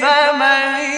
فمن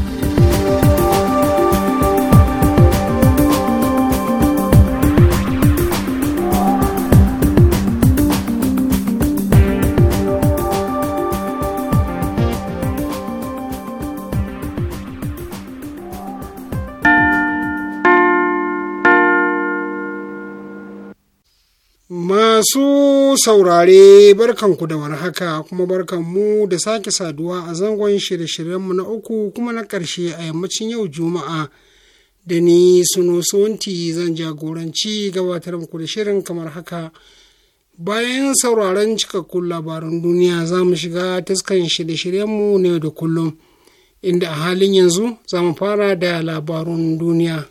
Masu saurare barkanku da warhaka kuma barkanmu da sake saduwa a zangon shirye-shiryenmu na uku kuma na ƙarshe a yammacin yau Juma'a da ni suno sonti zan jagoranci gabatar muku da shirin kamar haka. Bayan sauraron cikakkun labaran duniya za mu shiga taskan shirye-shiryenmu ne da kullum, inda a halin yanzu za mu fara da labarun duniya.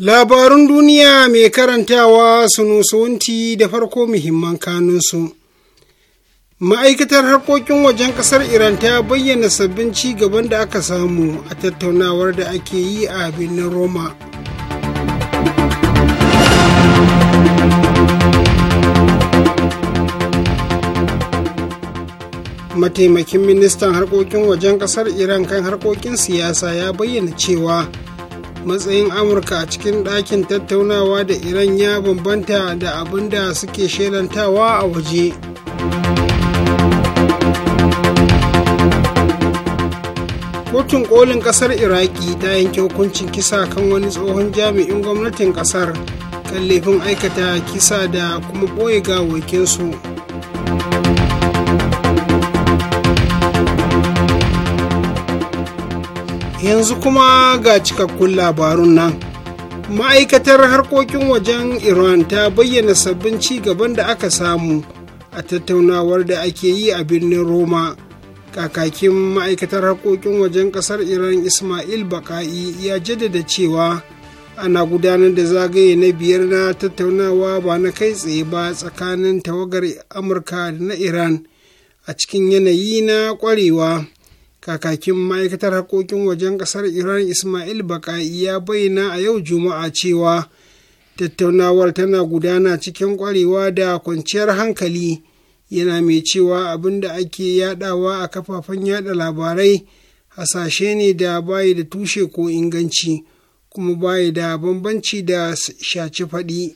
Labarun duniya mai karantawa su sunusunti da farko muhimman kanunsu. Ma'aikatar harkokin wajen ƙasar Iran ta bayyana sabbin ci gaban da aka samu a tattaunawar da ake yi a birnin Roma. mataimakin ministan harkokin wajen kasar iran kan harkokin siyasa ya bayyana cewa matsayin amurka a cikin ɗakin tattaunawa da iran ya bambanta da abin da suke shelantawa a waje kotun kolin kasar iraki ta yanke hukuncin kisa kan wani tsohon jami'in gwamnatin kasar kan laifin aikata kisa da kuma ɓoye gawakinsu yanzu kuma ga cikakkun labarun nan ma'aikatar harkokin wajen iran ta bayyana sabbin ci gaban da aka samu a tattaunawar da ake yi a birnin roma kakakin ma'aikatar harkokin wajen kasar iran ismail baka'i ya jaddada cewa ana gudanar da zagaye na biyar na tattaunawa ba na kai tsaye ba tsakanin tawagar amurka da na iran a cikin yanayi na kwarewa kakakin ma'aikatar haƙoƙin wajen ƙasar iran ismail baka'i ya bayyana a yau juma'a cewa tattaunawar tana gudana cikin ƙwarewa da kwanciyar hankali yana mai cewa abin da ake yadawa a kafafen yada labarai hasashe ne da bayi da tushe ko inganci kuma bayi da bambanci da shaci faɗi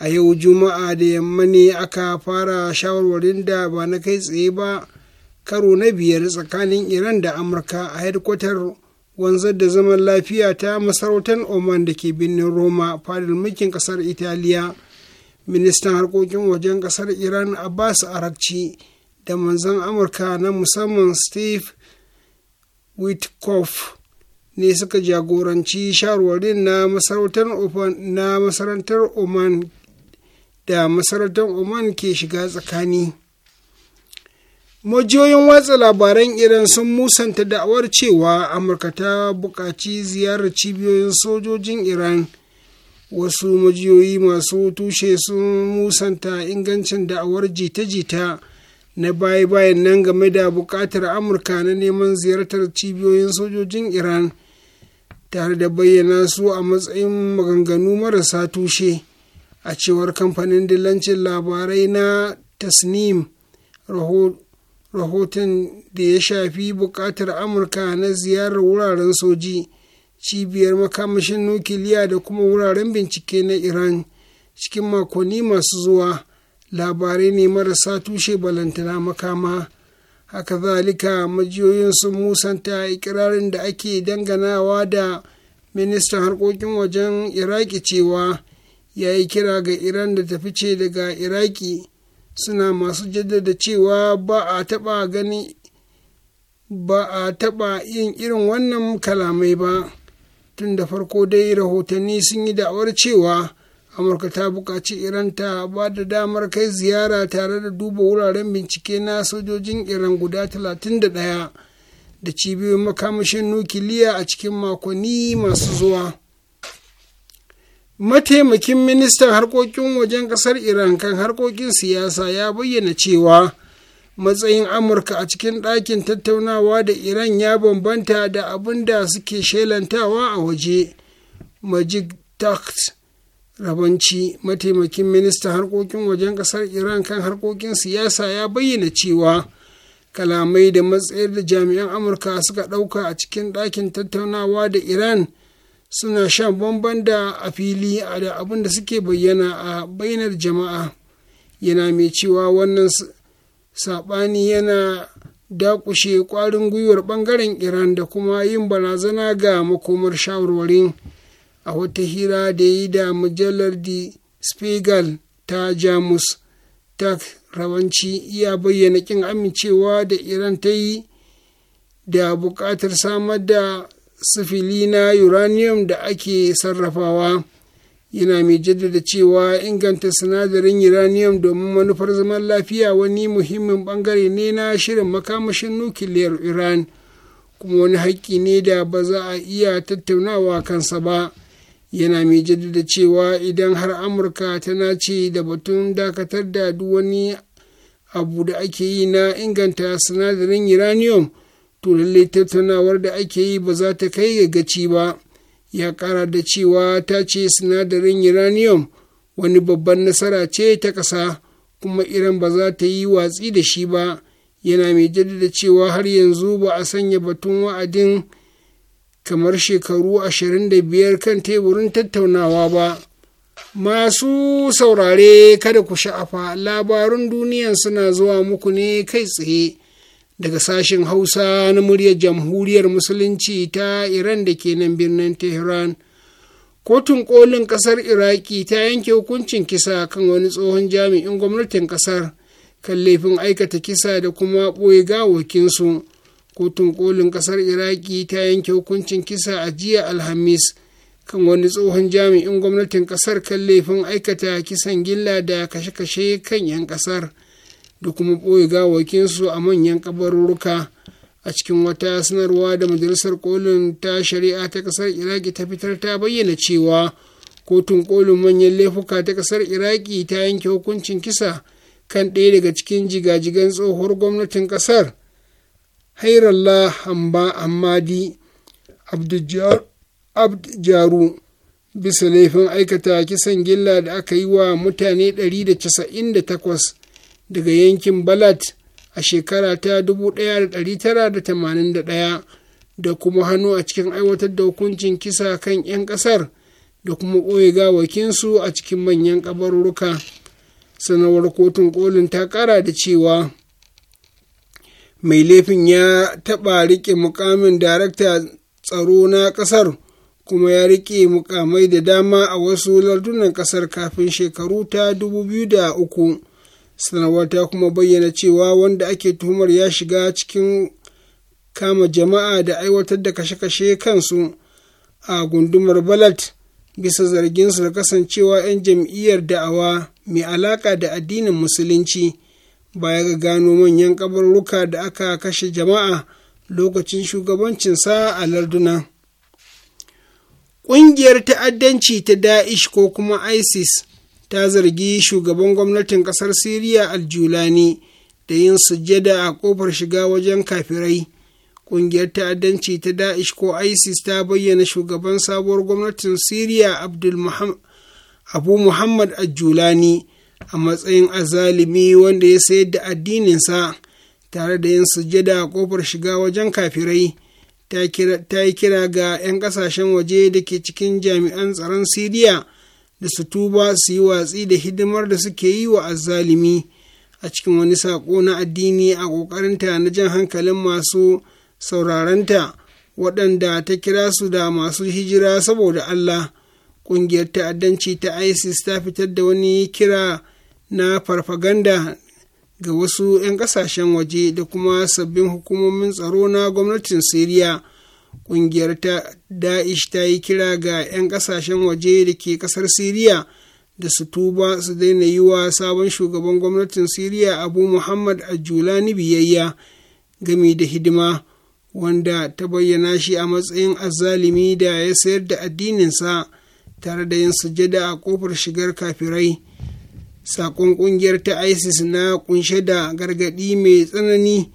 a yau juma'a da yamma ne aka fara shawarwarin da ba na kai tsaye ba karo na biyar tsakanin iran da amurka a hedkwatar wanzar da zaman lafiya ta masarautar oman da ke birnin roma mulkin kasar italiya ministan harkokin wajen kasar iran abbas arakci da manzan amurka na musamman steve witkoff ne suka jagoranci sharwarin na masarautar oman da masarautar oman ke shiga tsakani majiyoyin watsa labaran iran sun musanta da'awar cewa amurka ta buƙaci ziyarar cibiyoyin sojojin iran wasu majiyoyi masu tushe sun musanta ingancin da'awar jita-jita na baya-bayan nan game da buƙatar amurka na neman ziyartar cibiyoyin sojojin iran tare da bayyana su a matsayin maganganu marasa tushe a cewar kamfanin dillancin labarai na tasnim rahoton da ya shafi buƙatar amurka na ziyarar wuraren soji cibiyar makamashin nukiliya da kuma wuraren bincike na iran cikin makonni masu zuwa labarai ne marasa tushe balantana makama haka zalika majiyoyin sun musanta ikirarin da ake danganawa da ministan harkokin wajen iraki cewa ya yi kira ga iran da ta fice daga iraki suna masu jaddada cewa ba a taɓa gani ba a taɓa yin irin wannan kalamai ba tun da farko dai rahotanni sun yi da'awar cewa amurka ta buƙaci iran ta ba da damar kai ziyara tare da duba wuraren bincike na sojojin iran guda 31 da cibiyoyin makamashin nukiliya a cikin makonni masu zuwa. mataimakin ministan harkokin wajen kasar iran kan harkokin siyasa ya bayyana cewa matsayin amurka a cikin ɗakin tattaunawa da iran ya bambanta da abin da suke shelantawa a waje majid takht rabanci mataimakin ministan harkokin wajen kasar iran kan harkokin siyasa ya bayyana cewa kalamai da matsayar da jami'an amurka suka ɗauka a cikin ɗakin tattaunawa da iran suna shan bamban da a fili da abin da suke bayyana a bainar jama'a yana mai cewa wannan saɓani yana dakushe ƙwarin gwiwar ɓangaren iran da kuma yin barazana ga makomar shawarwarin a wata hira da yi da mujallar di spiegel ta jamus tak rawanci iya bayyana kin amincewa da iran ta yi da buƙatar samar da sifili na uranium da ake sarrafawa yana mai jaddada cewa inganta sinadarin uranium domin manufar zaman lafiya wani muhimmin bangare ne na shirin makamashin nukiliyar iran kuma wani haƙƙi ne da ba za a iya tattaunawa kansa ba yana mai jaddada cewa idan har amurka tana ce da batun dakatar da duk wani abu da ake yi na inganta sinadarin uranium to lallai tattaunawar da ake yi ba za ta kai ga gaci ba ya kara da cewa ta ce sinadarin uranium wani babban nasara ce ta ƙasa kuma iran ba za ta yi watsi da shi ba yana mai jaddada cewa har yanzu ba a sanya batun wa'adin kamar shekaru ashirin da biyar kan teburin tattaunawa ba masu saurare kada ku sha'afa labarun duniyan suna zuwa muku ne kai tsaye daga sashen hausa na muryar jamhuriyar musulunci ta iran da ke nan birnin tehran kotun kolin kasar iraki ta yanke hukuncin kisa kan wani tsohon jami'in gwamnatin kasar kan laifin aikata kisa da kuma ɓoye gawokinsu kotun kolin kasar iraki ta yanke hukuncin kisa a jiya alhamis kan wani tsohon jami'in gwamnatin kasar kan laifin aikata kisan gilla da kashe-kashe kan 'yan kasar da kuma ɓoye gawakinsu a manyan kabarurruka a cikin wata sanarwa da majalisar kolin ta shari'a ta ƙasar iraki ta fitar ta bayyana cewa kotun kolin manyan laifuka ta ƙasar iraki ta yanke hukuncin kisa kan ɗaya daga cikin jigajigan tsohuwar gwamnatin ƙasar hairallah hamba hamadi abdujaru bisa laifin aikata kisan gilla da aka yi wa mutane ɗari da da 198 daga yankin balat a shekara ta 1981 da kuma hannu a cikin aiwatar da hukuncin kisa kan 'yan ƙasar da kuma ɓoye gawakinsu a cikin manyan ƙabarruka sanarwar kotun kolin ta ƙara da cewa mai laifin ya taɓa riƙe mukamin darakta tsaro na ƙasar kuma ya riƙe mukamai da dama a wasu lardunan ƙasar kafin shekaru ta 2003 sanarwar ta kuma bayyana cewa wanda ake tuhumar ya shiga cikin kama jama'a da aiwatar da kashe-kashe kansu a gundumar balat bisa zarginsu da kasancewa 'yan jam'iyyar da'awa mai alaka da addinin musulunci baya ga gano manyan kabarruka da aka kashe jama'a lokacin shugabancinsa a larduna. Ƙungiyar ta'addanci ta Da'ish ko kuma ISIS ta zargi shugaban gwamnatin ƙasar siriya aljulani da yin sujjada a ƙofar shiga wajen kafirai ƙungiyar ta'addanci ta da'ish ko isis ta bayyana shugaban sabuwar gwamnatin siriya abu muhammad aljulani a matsayin azalimi wanda ya sayar da addininsa tare da yin sujjada a kofar shiga wajen kafirai ta yi kira ga 'yan ƙasashen waje da ke cikin jami'an tsaron siriya da su tuba su yi watsi da hidimar da suke yi wa azzalimi a cikin wani saƙo na addini a ƙoƙarinta na jan hankalin masu sauraranta waɗanda ta kira su da masu hijira saboda Allah ƙungiyar ta'addanci ta ISIS ta fitar da wani kira na farfaganda ga wasu 'yan ƙasashen waje da kuma sabbin hukumomin tsaro na gwamnatin Siriya. ƙungiyar ta da'ish ta yi kira ga 'yan ƙasashen waje da ke ƙasar siriya da su tuba su daina yi wa sabon shugaban gwamnatin siriya abu muhammad ajulani biyayya gami da hidima wanda ta bayyana shi a matsayin azalimi da ya sayar da addininsa tare da yin sujada a kofar shigar kafirai sakon ƙungiyar ta isis na ƙunshe da gargaɗi mai tsanani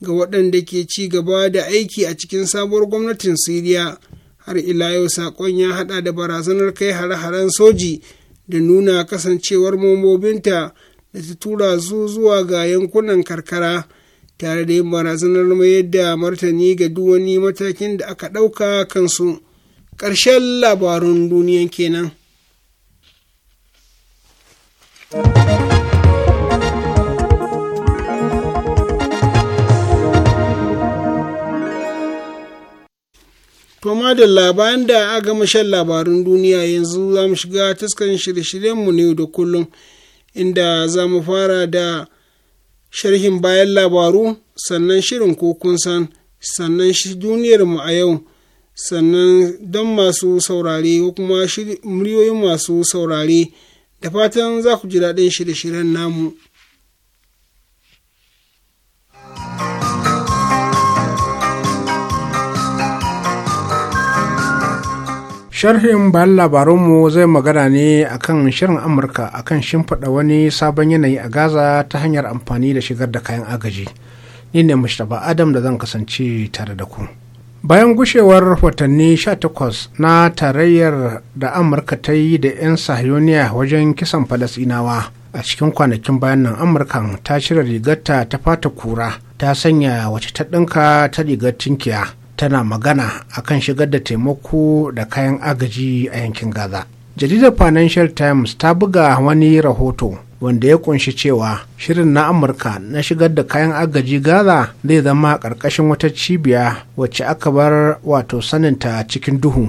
ga waɗanda ke ci gaba da aiki a cikin sabuwar gwamnatin siriya har ila yau saƙon ya haɗa da barazanar kai hare-haren soji da nuna kasancewar mambobinta da ta tura su zuwa ga yankunan karkara tare da yin barazanar mayar da martani ga duk wani matakin da aka ɗauka kansu ƙarshen labarun duniyan kenan. To da labaran da a gama shan labarun duniya yanzu za mu shiga taskan shirye-shiryenmu ne da kullum inda za mu fara da sharhin bayan labaru sannan shirin kokunsan san sannan duniyarmu a yau sannan don masu saurare ko kuma muryoyin masu saurare da fatan za ku ji daɗin shirye-shiryen namu. sharhin bayan labarunmu zai magana ne akan shirin amurka akan shimfiɗa wani sabon yanayi a gaza ta hanyar amfani da shigar da kayan agaji ni ne mustapha adam da zan kasance tare da ku bayan gushewar watanni 18 na tarayyar da amurka ta yi da 'yan sahiyoniya wajen kisan falasinawa a cikin kwanakin bayan nan amurka ta cire rigarta ta fata kura ta sanya wace ta ɗinka ta rigar tinkiya tana magana akan shigar da taimako da kayan agaji a yankin gaza jaridar financial times ta buga wani rahoto wanda ya kunshi cewa shirin na amurka na shigar da kayan agaji gaza zai zama ƙarƙashin wata cibiya wacce aka bar wato saninta cikin duhu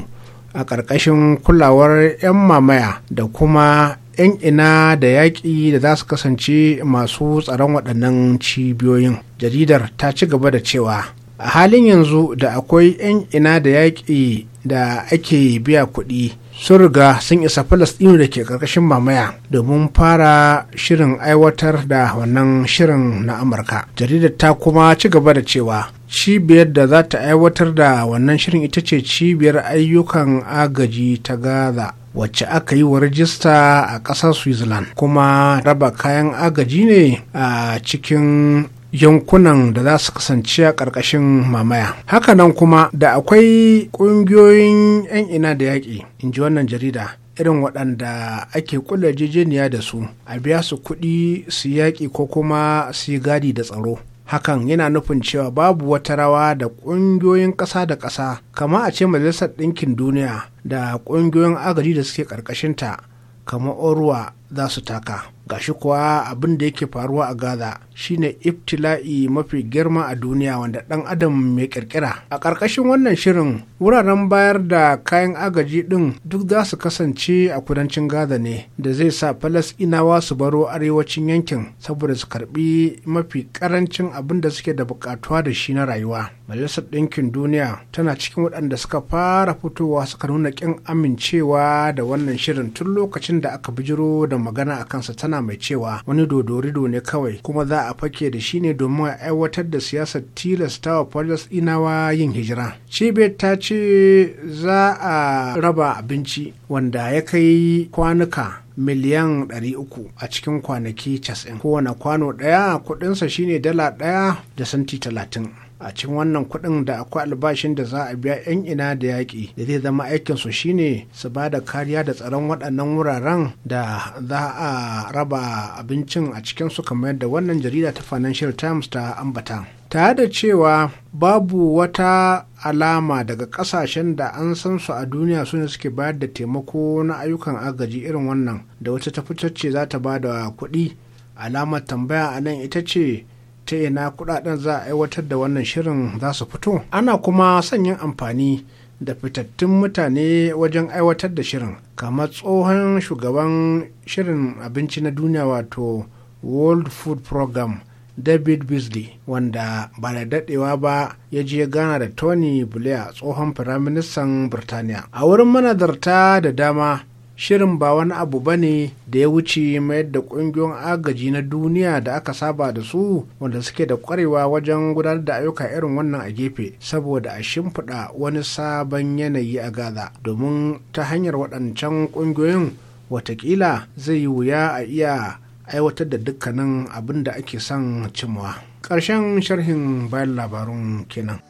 a ƙarƙashin kulawar 'yan mamaya da kuma 'yan ina da yaƙi da za su kasance masu tsaron waɗannan cibiyoyin jaridar ta ci gaba da cewa a halin yanzu da akwai 'yan ina da yaƙi da ake biya kuɗi sun riga sun isa falastinu da ke ƙarƙashin mamaya domin fara shirin aiwatar da wannan shirin na amurka jaridar ta kuma ci gaba da cewa cibiyar da za ta aiwatar da wannan shirin ita ce cibiyar ayyukan agaji ta gaza wacce aka yi wa rajista a ƙasar switzerland kuma raba kayan agaji ne a cikin yankunan da za su kasance a ƙarƙashin mamaya. Hakanan kuma da akwai ƙungiyoyin 'yan ina da yaƙi, in ji wannan jarida. irin waɗanda ake kula jejeniya da su a biya su kuɗi su yaƙi ko kuma su yi gadi da tsaro hakan yana nufin cewa babu wata rawa da ƙungiyoyin ƙasa da ƙasa kama a ce majalisar ɗinkin duniya da ƙungiyoyin agaji da suke ƙarƙashinta kama Oruwa za su taka gashi kuwa abin da yake faruwa a gaza shine Iftila'i mafi girma a duniya wanda ɗan adam mai kirkira a ƙarƙashin wannan shirin wuraren bayar da kayan agaji ɗin duk za su kasance a kudancin gaza ne da zai sa falasɗinawa su baro arewacin yankin saboda su karbi mafi ƙarancin abin da suke da buƙatuwa da shi na rayuwa majalisar ɗinkin duniya tana cikin waɗanda suka fara fitowa suka nuna ƙin amincewa da wannan shirin tun lokacin da aka bijiro da magana a kansa tana mai cewa wani dodorido ne kawai kuma za a a fake da shi ne domin a aiwatar da siyasar tilasta wa inawa yin hijira. Cibiyar ta ce za a raba abinci wanda ya kai kwanuka miliyan 300 a cikin kwanaki 90. Kowane kwano ɗaya kuɗinsa shine dala ɗaya da santi talatin. a cikin wannan kuɗin da akwai albashin da za a biya 'yan ina da yaƙi da zai zama aikinsu shine su ba da kariya da tsaron waɗannan wuraren da za a raba abincin a cikinsu kamar yadda wannan jarida ta financial times ta ambata tare da cewa babu wata alama daga kasashen da an san su a duniya su ne suke bayar da taimako na ayyukan agaji irin wannan da wata tafitacce za ta ba da kuɗi alamar tambaya a nan ita ce ta Ina kudaden za a aiwatar da wannan shirin za su fito ana kuma sanyin amfani da fitattun mutane wajen aiwatar da shirin kamar tsohon shugaban shirin abinci na duniya wato world food program david beasley wanda ba da dadewa ba ya je gana da tony blair tsohon firaministan birtaniya a wurin manazarta da dama shirin ba wani abu ba ne da ya wuce mayar da ƙungiyoyin agaji na duniya da aka saba da su wanda suke da ƙwarewa wajen gudanar da ayyuka irin wannan a gefe saboda a shimfiɗa wani sabon yanayi a gaza domin ta hanyar waɗancan ƙungiyoyin watakila zai yi wuya a iya aiwatar da dukkanin abin da ake son cimwa ƙarshen sharhin bayan labarun kenan.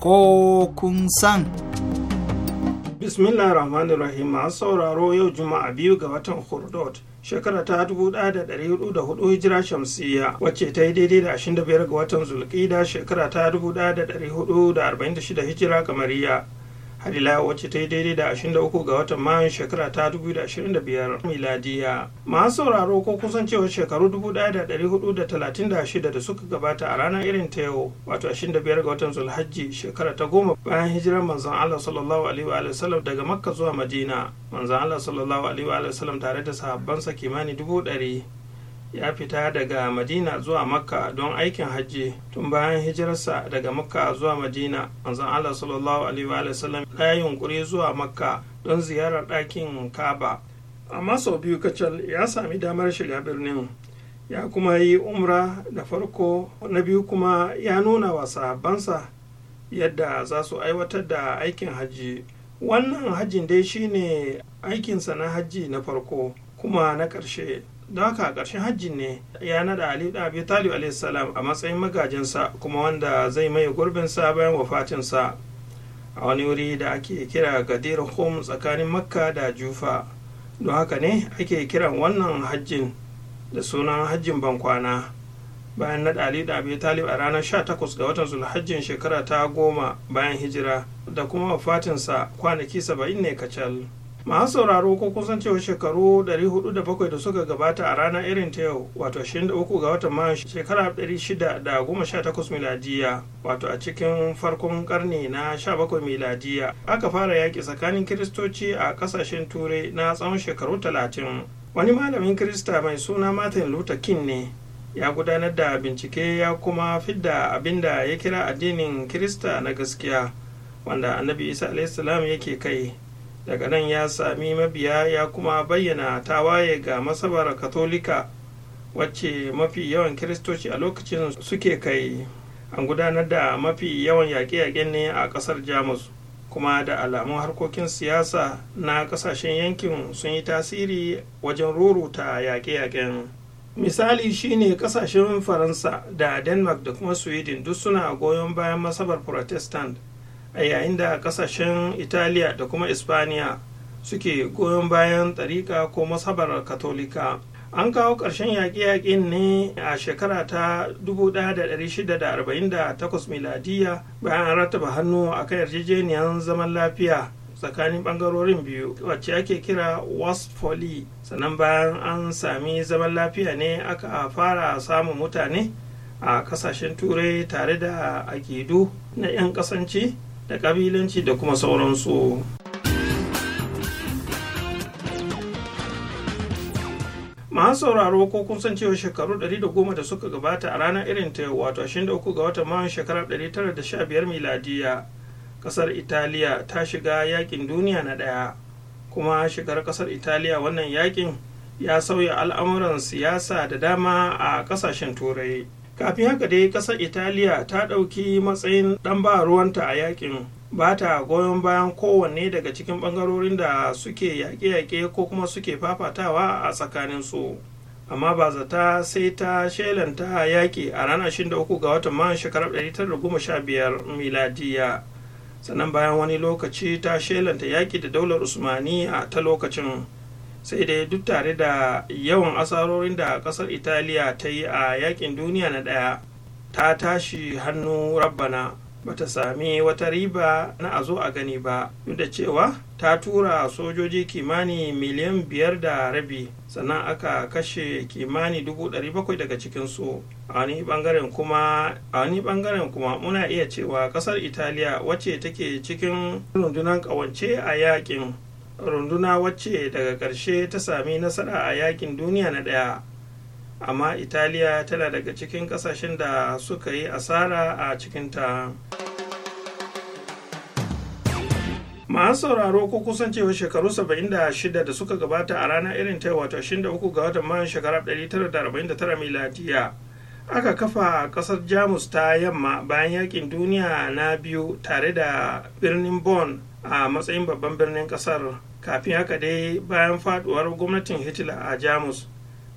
ko kun san. Bismillah rahmanir rahim masu sauraro yau juma'a biyu ga watan hurdot shekara ta 1404 hijira shamsiyya wacce ta yi daidai da 25 ga watan zulkida shekara ta 1446 hijira kamariya har ila wacce ta yi daidai da 23 ga watan mayun shekara ta 2025 miladiya masu sauraro ko kusan cewa shekaru 1436 da suka gabata a ranar irin ta yau wato 25 ga watan zulhajji shekara ta goma bayan hijirar manzon Allah sallallahu alaihi wa sallam daga makka zuwa madina manzon Allah sallallahu alaihi wa sallam tare da sahabbansa kimanin dubu ɗari ya fita daga madina zuwa makka don aikin hajji tun bayan hijirarsa daga makka zuwa madina manzon allah sallallahu alaihi wa sallam ya yunkuri zuwa makka don ziyarar ɗakin kaba amma sau biyu kacal ya sami damar shiga birnin ya kuma yi umra da farko na biyu kuma ya nuna wa sahabbansa yadda za su aiwatar da aikin hajji wannan hajjin dai shine aikinsa na hajji na farko kuma na ƙarshe don haka ƙarshen hajjin ne ya nada ali da abi talib alaihissalam a matsayin magajinsa kuma wanda zai maye gurbinsa bayan wafatinsa a wani wuri da ake kira gadir hum tsakanin makka da jufa don haka ne ake kiran wannan hajjin da sunan hajjin bankwana bayan nada ali da abi talib a ranar sha takwas ga watan zulhajjin shekara ta goma bayan hijira da kuma wafatinsa kwanaki saba'in ne kacal. masu sauraro ko kusan cewa shekaru 407 da suka gabata a ranar irin ta yau wato 23 ga watan mayu shekara 618 miladiya wato a cikin farkon karni na 17 miladiya aka fara yaki tsakanin kiristoci a ƙasashen turai na tsawon shekaru 30 wani malamin kirista mai suna martin luther king ne ya gudanar da bincike ya kuma fidda abin da ya kira addinin kirista na gaskiya wanda annabi isa alaihissalam yake kai daga nan ya sami mabiya ya kuma bayyana tawaye ga masabar katolika wacce mafi yawan kiristoci a lokacin suke kai an gudanar da mafi yawan yaƙe-yaƙen ne a ƙasar jamus kuma da alamun harkokin siyasa na ƙasashen yankin sun yi tasiri wajen ruruta yaƙe-yaƙen misali shine ƙasashen faransa da denmark da kuma sweden duk suna goyon bayan masabar protestant a yayin da kasashen italiya da kuma ispaniya suke goyon bayan tsarika ko masabar katolika an kawo ƙarshen yaƙi-yaƙin ne a shekara ta 1648 miladiya bayan an rataba hannu a kan yarjejeniyar zaman lafiya tsakanin ɓangarorin biyu wacce ake kira westphalia sannan bayan an sami zaman lafiya ne aka fara samun mutane a kasashen turai tare da akidu na 'yan ƙasanci da kabilanci da kuma sauransu masu sauraro ko kun san cewa shekaru 110 da suka gabata a ranar irin ta wato 23 ga watan mayun shekarar 1915 miladiya kasar italiya ta shiga yakin duniya na daya kuma shigar kasar italiya wannan yakin ya sauya al'amuran siyasa da dama a kasashen turai kafin haka dai ƙasar italiya ta ɗauki matsayin ɗan ba ruwanta a yakin ba ta goyon bayan kowanne daga cikin bangarorin da suke yaƙe-yaƙe ko kuma suke fafatawa a tsakanin su amma ba zata sai ta shelanta yaƙi a ranar 23 ga watan mayan shekarar 1915 miladiya sannan bayan wani lokaci ta shelanta yaƙi da daular usmani a ta lokacin sai dai duk tare da yawan asarorin da kasar italiya ta yi a yakin duniya na daya ta tashi hannu rabbana bata sami wata riba na a zo a gani ba duk da cewa ta tura sojoji kimani miliyan biyar da rabi sannan aka kashe kimani dubu bakwai daga cikinsu a wani bangaren kuma muna iya cewa ƙasar italiya wacce take cikin rundunar ƙawance a yakin runduna wacce daga ƙarshe ta sami nasara a yakin duniya na ɗaya amma italiya tana daga cikin ƙasashen da suka yi asara a cikinta masu sauraro ko kusancewa shekaru 76 da suka gabata a ranar irin ta wato 23 ga watan mayan shekarar 1949 miladiya aka kafa kasar jamus ta yamma bayan yakin duniya na biyu tare da birnin bonn a matsayin babban birnin kasar kafin haka dai bayan faduwar gwamnatin hitler a jamus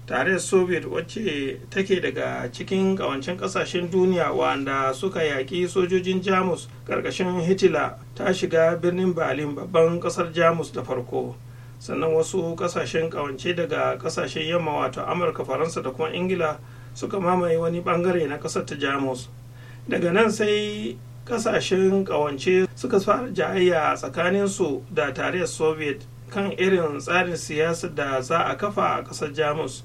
tare soviet wacce take daga cikin kawancin kasashen duniya wanda suka yaƙi sojojin jamus ƙarƙashin hitler ta shiga birnin berlin babban ƙasar jamus da farko sannan wasu ƙasashen kawance daga ƙasashen yamma wato amurka faransa da kuma ingila suka mamaye wani bangare na ƙasar ta jamus daga nan sai kasashen kawance suka fara jayayya tsakaninsu da tarayyar soviet kan irin tsarin siyasa da za a kafa a ƙasar jamus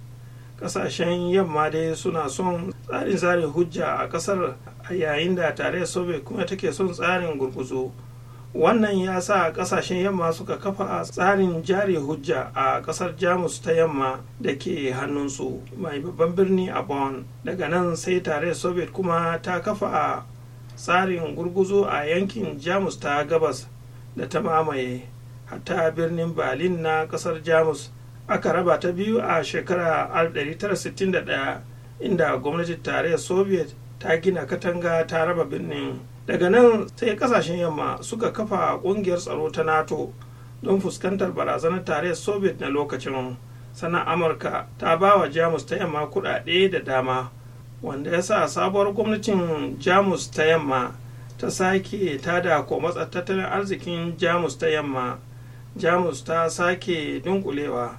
kasashen yamma dai suna son tsarin tsarin hujja a ƙasar yayin da tarayyar soviet kuma take son tsarin gurguzu wannan ya sa kasashen yamma suka kafa tsarin jari hujja a kasar jamus ta yamma da ke hannunsu mai babban birni a bonn daga nan sai tare soviet kuma ta kafa tsarin gurguzo a yankin jamus ta gabas da ta mamaye hatta birnin berlin na kasar jamus aka raba ta biyu a shekara 1961 inda gwamnatin tarayyar soviet ta gina katanga ta raba birnin daga nan sai kasashen yamma suka kafa kungiyar tsaro ta nato don fuskantar barazanar tarayyar soviet na lokacin sannan amurka ta ba wa jamus ta yamma kudade da dama wanda ya sa sabuwar gwamnatin jamus ta yamma ta sake ta da matsa tattalin arzikin jamus ta yamma jamus ta sake dunkulewa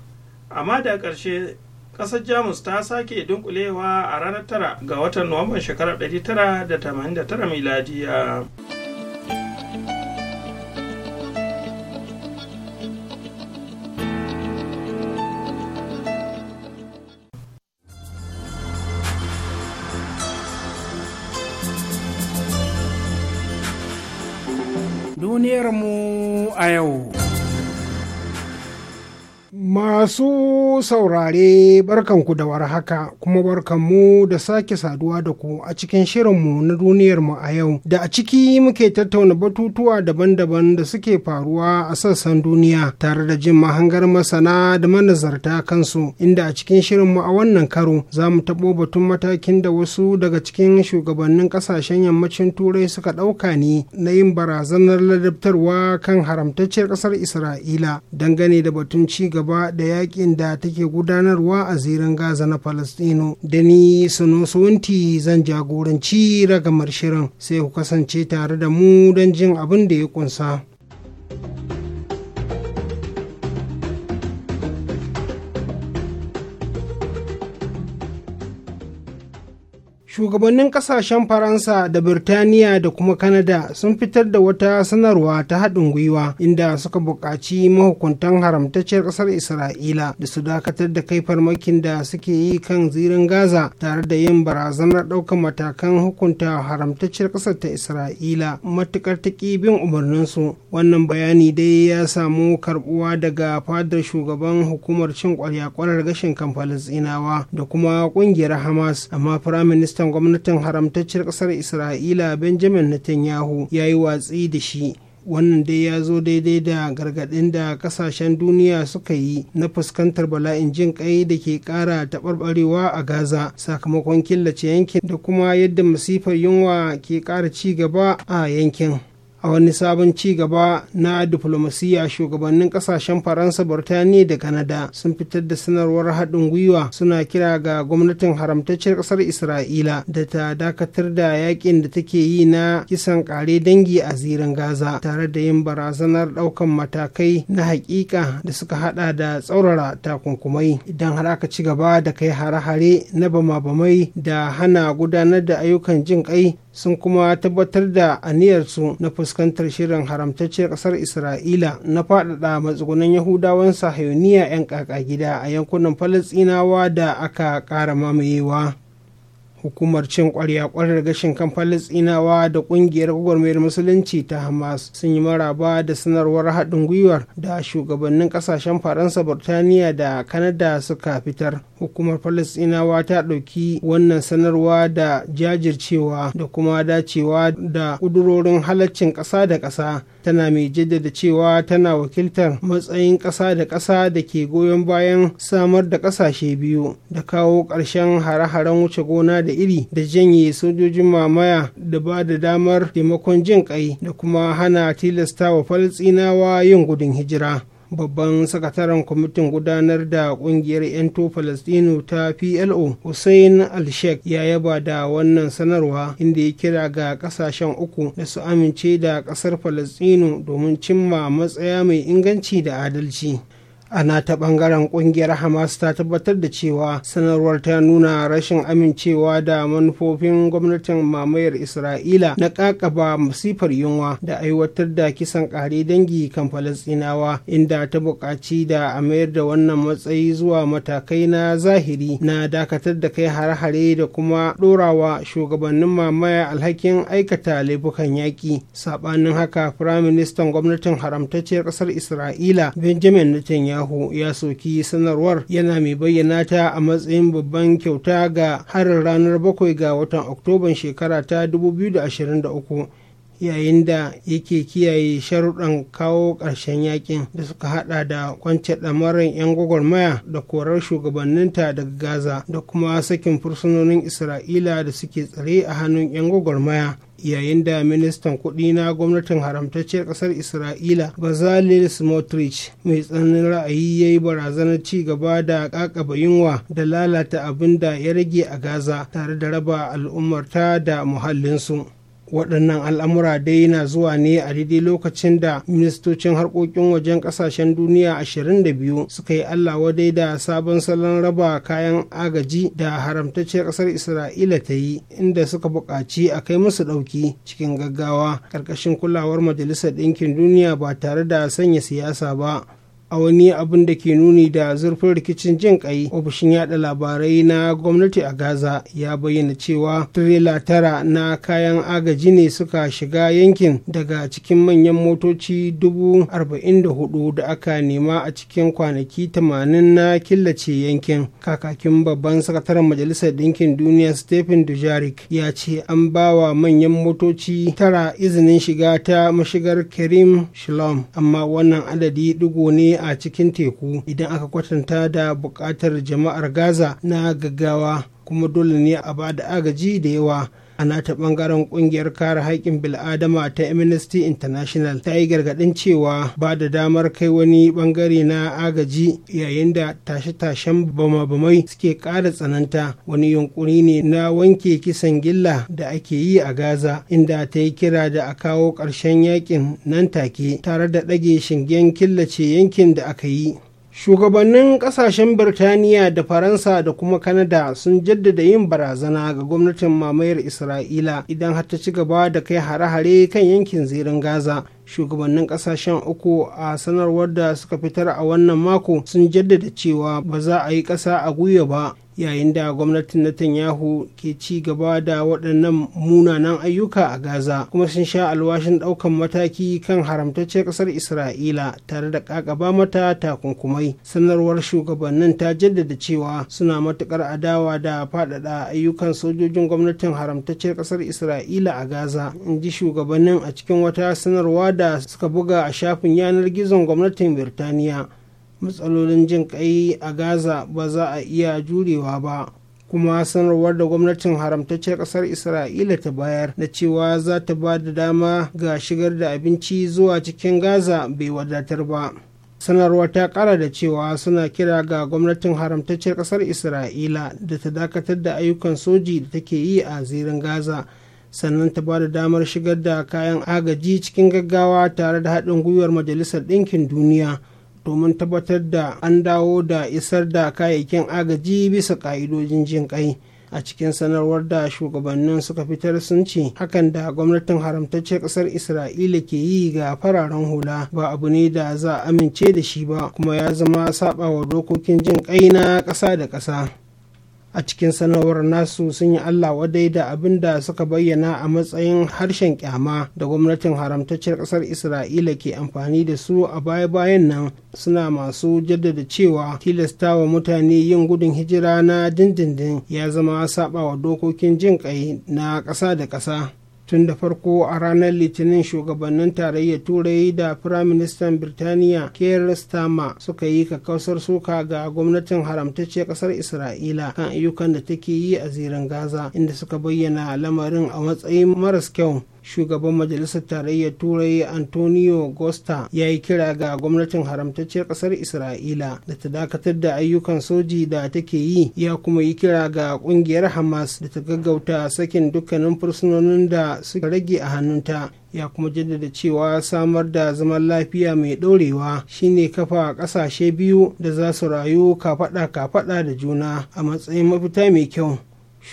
amma da ƙarshe ƙasar jamus ta sake dunkulewa a ranar 9 ga watan nuwamban shekarar 1989 miladiya. mu a yau. Masu saurare barkanku da war haka kuma barkanmu da sake saduwa da ku a cikin shirin mu na duniyarmu a yau da a ciki muke tattauna batutuwa daban-daban da suke faruwa a sassan duniya tare da jin mahangar masana da manazarta kansu inda a cikin shirin mu a wannan karo za mu taɓo batun matakin da wasu daga cikin shugabannin ƙasashen yammacin turai suka ɗauka ne na yin barazanar ladabtarwa kan haramtacciyar ƙasar Isra'ila dangane da batun ci gaba da yakin da take gudanarwa a zirin gaza na falastino da ni sunusunti zan jagoranci ragamar shirin sai ku kasance tare da mu don jin abin da ya kunsa. shugabannin kasashen faransa da birtaniya da kuma kanada sun fitar da wata sanarwa ta haɗin gwiwa inda suka buƙaci mahukuntan haramtacciyar ƙasar isra'ila da su dakatar da kai farmakin da suke yi kan zirin gaza tare da yin barazanar ɗaukar matakan hukunta haramtacciyar ƙasar ta isra'ila matuƙar ta bin umarninsu wannan bayani dai ya samu karɓuwa daga fadar shugaban hukumar cin ƙwarya-ƙwarar gashin kan tsinawa, da kuma ƙungiyar hamas amma firaminista ministan gwamnatin haramtacciyar ƙasar isra'ila benjamin netanyahu ya yi watsi da shi wannan dai ya zo daidai da gargaɗin da ƙasashen duniya suka yi na fuskantar bala'in jin ƙai da ke ƙara taɓarɓarewa a gaza sakamakon killace yankin da kuma yadda masifar yunwa ke ƙara ci gaba a yankin a wani sabon ci gaba na diflomasiyya shugabannin kasashen faransa burtaniya da kanada sun fitar da sanarwar haɗin gwiwa suna kira ga gwamnatin haramtaccen ƙasar isra'ila da ta dakatar da yakin da take yi na kisan ƙare dangi a zirin gaza tare da yin barazanar ɗaukan matakai na haƙiƙa da suka haɗa da tsaurara takunkumai idan har aka ci gaba da kai hare-hare na bama-bamai da hana gudanar da ayyukan jin ƙai sun kuma tabbatar da aniyarsu na fuskantar shirin haramtacciyar ƙasar isra'ila na faɗaɗa matsugunan yahudawan sahayoniya 'yan gida a yankunan falasɗinawa da aka ƙara mamayewa hukumar cin ƙwarya ƙwarar gashin kan falastinawa da ƙungiyar gwagwarmayar musulunci ta hamas sun yi maraba da sanarwar haɗin gwiwar da shugabannin ƙasashen faransa burtaniya da kanada suka fitar hukumar falasinawa ta ɗauki wannan sanarwa da jajircewa da kuma dacewa da ƙudurorin halaccin ƙasa da ƙasa tana mai jaddada cewa tana wakiltar matsayin ƙasa da ƙasa da ke goyon bayan samar da ƙasashe biyu da kawo ƙarshen hare-haren wuce gona da iri da janye sojojin mamaya da ba da damar taimakon jin ƙai da kuma hana tilasta wa falasinawa yin gudun hijira babban sakataren kwamitin gudanar da kungiyar 'yanto palestino ta plo hussein alshek ya yaba da wannan sanarwa inda ya kira ga kasashen uku da su amince da kasar palestino domin cimma matsaya mai inganci da adalci ana ta bangaren kungiyar hamas ta tabbatar da cewa sanarwar ta nuna rashin amincewa da manufofin gwamnatin mamayar isra'ila na kakaba masifar yunwa da aiwatar da kisan kare dangi kan falastinawa inda ta buƙaci da a mayar da wannan matsayi zuwa matakai na zahiri na dakatar da kai hare-hare da kuma ɗorawa shugabannin mamaya alhakin aikata laifukan yaƙi saɓanin haka firaministan gwamnatin haramtacciyar ƙasar isra'ila benjamin netanyahu netanyahu ya soki sanarwar yana mai bayyana ta a matsayin babban kyauta ga harin ranar bakwai ga watan oktoban shekara ta 2023 yayin da yake kiyaye sharuɗan kawo ƙarshen yakin da suka hada da kwance ɗamarin 'yan gwagwarmaya da korar shugabanninta daga gaza da kuma sakin fursunonin isra'ila da suke tsare a hannun 'yan gwagwarmaya yayin da ministan kuɗi na gwamnatin haramtacciyar ƙasar isra'ila bazalil smotrich mai tsananin ra'ayi ya yi barazanar ci gaba da ƙaƙaba yunwa da lalata abin da ya rage a gaza tare da raba al'ummarta da muhallinsu waɗannan al'amura dai na zuwa ne a daidai lokacin da ministocin harkokin wajen ƙasashen duniya 22 suka yi allah wadai da sabon salon raba kayan agaji da haramtacciyar ƙasar isra'ila ta yi inda suka buƙaci a kai musu ɗauki cikin gaggawa ƙarƙashin kulawar majalisar ɗinkin duniya ba tare da sanya siyasa ba a wani abin da ke nuni da zurfin rikicin jin kai ofishin yada labarai na gwamnati a gaza ya bayyana cewa tirela tara na kayan agaji ne suka shiga yankin daga cikin manyan motoci dubu da hudu da aka nema a cikin kwanaki tamanin na killace yankin kakakin babban sakataren majalisar ɗinkin duniya stephen dujarik ya ce an bawa manyan motoci tara izinin shiga ta mashigar kerim shalom amma wannan adadi ɗigo ne a cikin teku idan aka kwatanta da buƙatar jama'ar gaza na gaggawa kuma dole ne a ba da agaji da yawa a nata bangaren kungiyar kare haƙƙin bil'adama ta amnesty international ta yi gargaɗin cewa ba da damar kai wani bangare na agaji yayin da tashe-tashen bama-bamai suke ƙara tsananta wani yunkuri ne na wanke kisan gilla da ake yi a gaza inda ta yi kira da a kawo ƙarshen yakin nan take tare da ɗage shingen killace yankin da aka yi shugabannin kasashen birtaniya da faransa da kuma kanada sun jaddada yin barazana ga gwamnatin mamayar isra'ila idan har ta ci gaba da kai hare-hare kan yankin zirin gaza shugabannin kasashen uku a sanarwar da suka fitar a wannan mako sun jaddada cewa ba za a yi ƙasa a gwiwa ba yayin da gwamnatin Netanyahu ke ci gaba da waɗannan munanan ayyuka a Gaza kuma sun sha alwashin ɗaukan mataki kan haramtacce ƙasar Isra'ila tare da ƙaƙaba mata takunkumai. Sanarwar shugabannin ta jaddada cewa suna matuƙar adawa da faɗaɗa ayyukan sojojin gwamnatin haramtacce ƙasar Isra'ila a Gaza, in ji shugabannin a cikin wata sanarwa da suka buga a shafin yanar gizon gwamnatin Birtaniya. matsalolin jin kai a gaza ba za a iya jurewa ba kuma sanarwar da gwamnatin haramtacciyar kasar isra'ila ta bayar da cewa za ta ba da dama ga shigar da abinci zuwa cikin gaza bai wadatar ba sanarwar ta kara da cewa suna kira ga gwamnatin haramtacciyar kasar isra'ila da ta dakatar da ayyukan soji da take yi a zirin gaza sannan ta ba da damar shigar da kayan agaji cikin gaggawa tare da haɗin gwiwar majalisar ɗinkin duniya domin tabbatar da an dawo da isar da kayayyakin agaji bisa ka'idojin jin kai a cikin sanarwar da shugabannin suka fitar sun ce hakan da gwamnatin haramtaccen ƙasar isra'ila ke yi ga fararen hula ba abu ne da za a amince da shi ba kuma ya zama saɓawa dokokin jin kai na ƙasa da ƙasa a cikin sanarwar nasu sun yi allah wadai da abin da suka bayyana a matsayin harshen kyama da gwamnatin haramtacciyar ƙasar isra'ila ke amfani da su a baya-bayan nan suna masu jaddada cewa Tilasta wa mutane yin gudun hijira na dindindin ya zama saɓawa dokokin jin ƙai na ƙasa da ƙasa tun da farko a ranar litinin shugabannin tarayyar turai da firaministan birtaniya keir starmer suka yi kakkausar suka ga gwamnatin haramtacce kasar isra'ila kan ayyukan da take yi a zirin gaza inda suka bayyana lamarin a matsayin maras kyau shugaban majalisar tarayyar turai antonio costa ya yi kira ga gwamnatin haramtacciyar kasar isra'ila da ta dakatar da ayyukan soji da take yi ya kuma yi kira ga kungiyar hamas da ta gaggauta sakin dukkanin fursunonin da suka rage a hannunta ya kuma jaddada cewa samar da zaman lafiya mai ɗorewa shine kafa ƙasashe biyu da za su rayu kafaɗa kafaɗa da juna a matsayin mafita mai kyau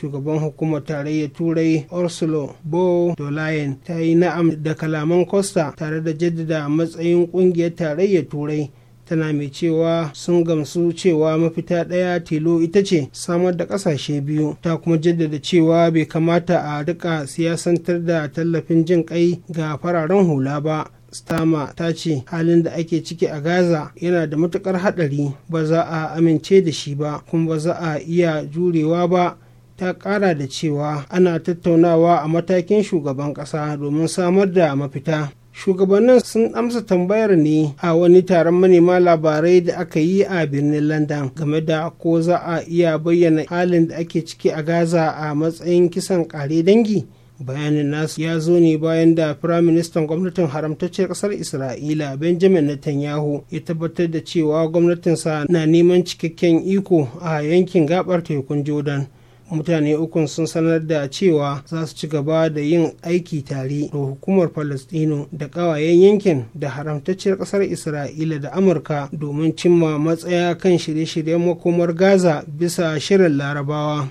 shugaban hukumar tarayyar turai ursula bo dolayen ta yi na'am da kalaman costa tare da jaddada matsayin kungiyar tarayyar turai tana mai cewa sun gamsu cewa mafita ɗaya tilo ita ce samar da ƙasashe biyu ta kuma jaddada cewa bai kamata a rika siyasantar da tallafin jin ƙai ga fararen hula ba stama ta ce halin da ake ciki a gaza yana da matukar haɗari ba za a amince da shi ba kuma ba za a iya jurewa ba ta kara da cewa ana tattaunawa a matakin shugaban kasa domin samar da mafita shugabannin sun amsa tambayar ne a wani taron manema labarai da aka yi a birnin london game da ko za a iya bayyana halin da ake ciki a gaza a matsayin kisan kare dangi bayanin nasu ya zo ne bayan da firaministan gwamnatin haramtacciyar kasar isra'ila benjamin netanyahu ya tabbatar da cewa gwamnatinsa na neman cikakken iko a yankin gabar tekun jordan mutane ukun sun sanar da cewa za su ci gaba da yin aiki tare da hukumar palestino da ƙawayen yankin da haramtacciyar ƙasar isra'ila da amurka domin cimma matsaya kan shirye-shiryen makomar gaza bisa shirin larabawa.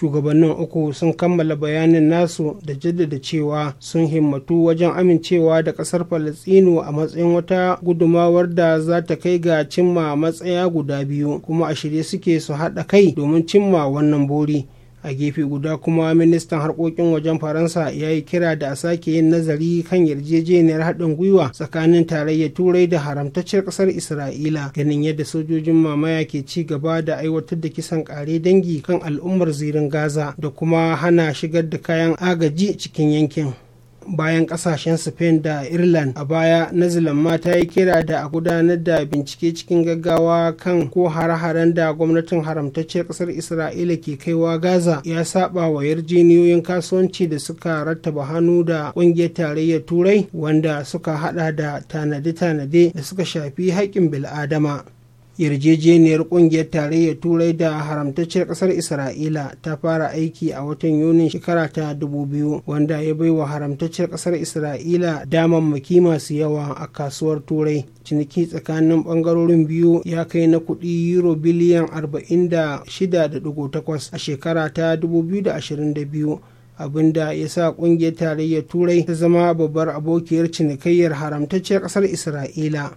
shugabannin uku sun kammala bayanin nasu da jaddada cewa sun himmatu wajen amincewa da kasar falastinu a matsayin wata gudumawar da za ta kai ga cimma matsaya guda biyu kuma a shirye suke su haɗa kai domin cimma wannan bori. a gefe guda kuma ministan harkokin wajen faransa ya yi kira da a sake yin nazari kan yarjejeniyar haɗin gwiwa tsakanin tarayyar turai da haramtacciyar ƙasar isra'ila ganin yadda sojojin mamaya ke ci gaba da aiwatar da kisan ƙare dangi kan al'ummar zirin gaza da kuma hana shigar da kayan agaji cikin yankin bayan kasashen spain da ireland a baya nazilama ta yi kira da a gudanar da bincike cikin gaggawa kan ko hare-haren da gwamnatin haramtacciyar kasar isra'ila ke kaiwa gaza ya saba wa yarjeniyoyin kasuwanci da suka rattaba hannu da kungiyar tarayyar turai wanda suka hada da tanade-tanade da suka shafi haƙƙin bil'adama yarjejeniyar kungiyar tarayyar turai da haramtacciyar kasar isra'ila ta fara aiki a watan yunin shekara ta 2000 wanda ya bai wa haramtacciyar kasar isra'ila damammaki masu yawa a kasuwar turai ciniki tsakanin bangarorin biyu ya kai na kuɗi euro biliyan 46.8 a shekara ta 2022 abinda ya sa kungiyar tarayyar turai ta zama babbar abokiyar cinikayyar haramtacciyar kasar isra'ila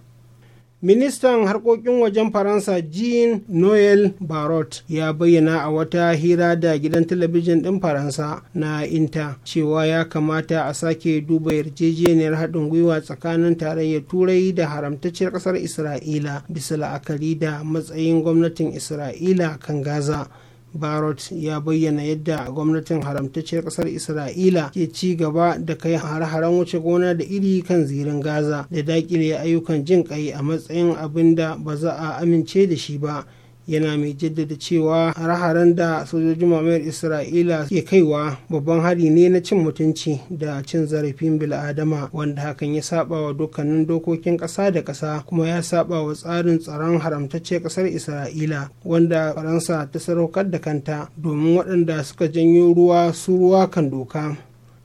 ministan harkokin wajen faransa jean noel barot ya bayyana a wata hira da gidan talabijin ɗin faransa na inta cewa ya kamata a sake duba yarjejeniyar haɗin gwiwa tsakanin tarayyar turai da haramtacciyar ƙasar isra'ila bisa la'akari da matsayin gwamnatin isra'ila kan gaza barot ya bayyana yadda gwamnatin haramtacciyar kasar isra'ila ke ci gaba da kai har-haren wuce gona da iri kan zirin gaza da dakile ayyukan jin ƙai a matsayin abin da ba za a amince da shi ba yana mai jaddada cewa har-haren da sojojin mamayar isra'ila ke kaiwa babban hari ne na cin mutunci da cin zarafin bil'adama wanda hakan ya saba wa dukkanin dokokin ƙasa da ƙasa kuma ya saba wa tsarin tsaron haramtacce ƙasar isra'ila wanda faransa ta sadaukar da kanta domin waɗanda suka janyo ruwa su ruwa kan doka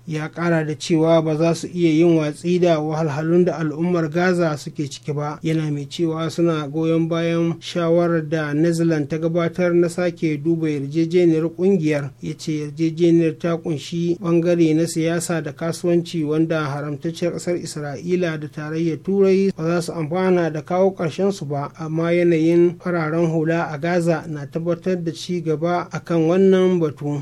ya kara da cewa ba za su iya yin watsi da wahalhalun da al'ummar gaza suke ciki ba yana mai cewa suna goyon bayan shawarar da netherlands ta gabatar na sake duba yarjejeniyar kungiyar ya ce yarjejeniyar ta kunshi bangare na siyasa da kasuwanci wanda haramtacciyar kasar isra'ila da tarayyar turai ba za su amfana da kawo ƙarshen su ba amma yanayin fararen hula a gaza na tabbatar da ci gaba akan wannan batu